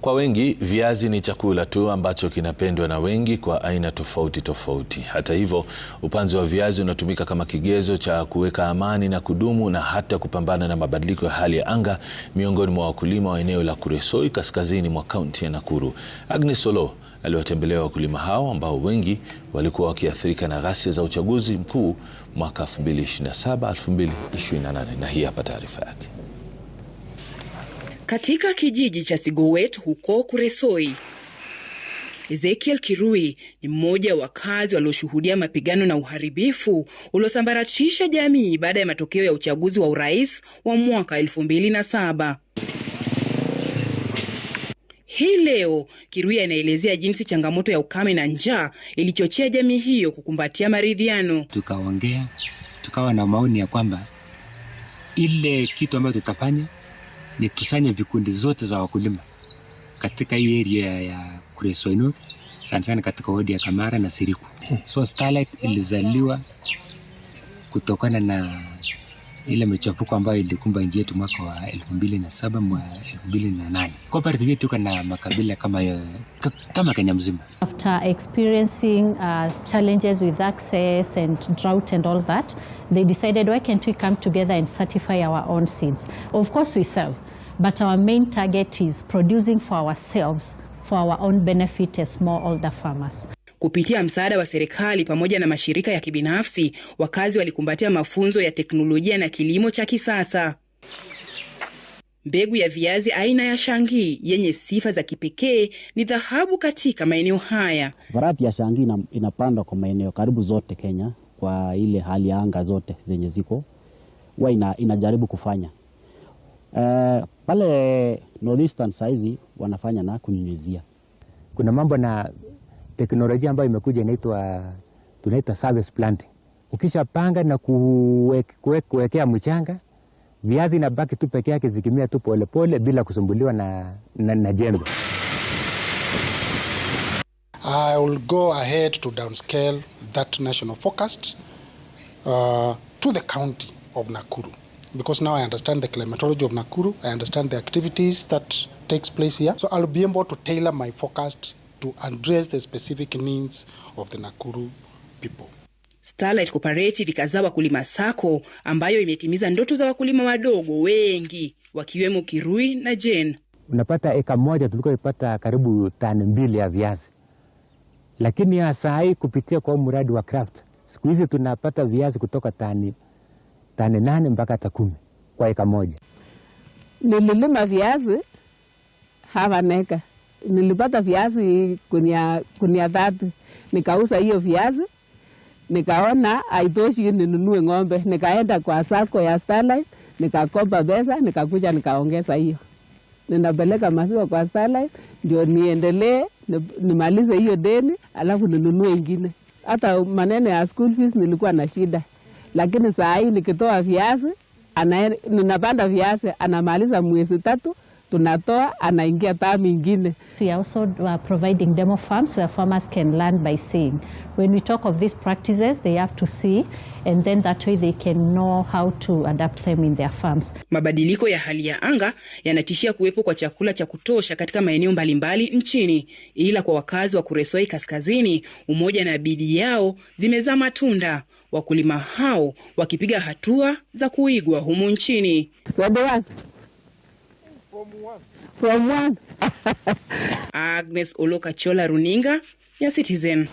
Kwa wengi viazi ni chakula tu ambacho kinapendwa na wengi kwa aina tofauti tofauti. Hata hivyo, upanzi wa viazi unatumika kama kigezo cha kuweka amani na kudumu na hata kupambana na mabadiliko ya hali ya anga miongoni mwa wakulima wa eneo la Kuresoi kaskazini mwa kaunti ya Nakuru. Agnes Solo aliwatembelea wakulima hao ambao wengi walikuwa wakiathirika na ghasia za uchaguzi mkuu mwaka 2027, 2028 na hii hapa taarifa yake. Katika kijiji cha Sigowet huko Kuresoi, Ezekiel Kirui ni mmoja wa wakazi walioshuhudia mapigano na uharibifu uliosambaratisha jamii baada ya matokeo ya uchaguzi wa urais wa mwaka 2007. Hii leo Kirui anaelezea jinsi changamoto ya ukame na njaa ilichochea jamii hiyo kukumbatia maridhiano. Tukaongea, tukawa na maoni ya kwamba ile kitu ambayo tutafanya nikusanye vikundi zote za wakulima katika hii area ya Kuresoino sana sana katika wodi ya Kamara na Siriku. So Starlight ilizaliwa kutokana na ile michafuko ambayo ilikumba nchi yetu mwaka wa 2007 na 2008. Cooperative yetu na makabila kama eh, kama Kenya mzima. After experiencing uh, challenges with access and drought and all that, they decided why can't we come together and certify our own seeds? Of course we sell, but our main target is producing for ourselves for our own benefit as small older farmers. Kupitia msaada wa serikali pamoja na mashirika ya kibinafsi, wakazi walikumbatia mafunzo ya teknolojia na kilimo cha kisasa. Mbegu ya viazi aina ya shangii yenye sifa za kipekee ni dhahabu katika maeneo haya. Varati ya shangii inapandwa kwa maeneo karibu zote Kenya, kwa ile hali ya anga zote zenye ziko huwa ina, inajaribu kufanya uh, pale Northeastern saizi wanafanya na kunyunyuzia. kuna mambo na teknolojia ambayo imekuja inaitwa tunaita service planting. Ukishapanga na kuwekea kuwek, kuwe, mchanga viazi na baki tu peke yake zikimea tu polepole bila kusumbuliwa na, na, na jembe. I will go ahead to downscale that national forecast uh, to the county of Nakuru because now I understand the climatology of Nakuru, I understand the activities that takes place here. So I'll be able to tailor my forecast to address the specific needs of the Nakuru people. Starlight Cooperative ikazaa Wakulima Sacco ambayo imetimiza ndoto za wakulima wadogo wengi wakiwemo Kirui na Jane. Unapata eka moja tulikuwa ipata karibu tani mbili ya viazi, lakini hasa hii kupitia kwa mradi wa craft, siku hizi tunapata viazi kutoka tani tani nane mpaka hata kumi kwa eka moja. Nililima viazi hava Mega nilipata viazi kunia, kunia tatu nikauza hiyo viazi nikaona haitoshi ninunue ng'ombe, nikaenda kwa sako ya Starlight nikakopa pesa, nikakuja nikaongeza hiyo. Ninapeleka maziwa kwa Starlight ndio niendelee nimalize hiyo deni, alafu ninunue ingine. Hata maneno ya school fees nilikuwa na shida, lakini saa hii nikitoa viazi ninapanda viazi anamaliza mwezi tatu, tunatoa anaingia tamu ingine we are also uh, providing demo farms where farmers can learn by seeing. When we talk of these practices, they have to see and then that way they can know how to adapt them in their farms. Mabadiliko ya hali ya anga yanatishia kuwepo kwa chakula cha kutosha katika maeneo mbalimbali nchini, ila kwa wakazi wa Kuresoi Kaskazini, umoja na bidii yao zimezaa matunda, wakulima hao wakipiga hatua za kuigwa humu nchini. From one. From Agnes Olokachola, Runinga ya Citizen.